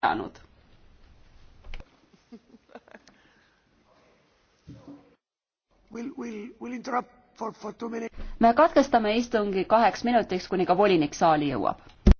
ajanud. me katkestame istungi kaheks minutiks, kuni ka volinik saali jõuab.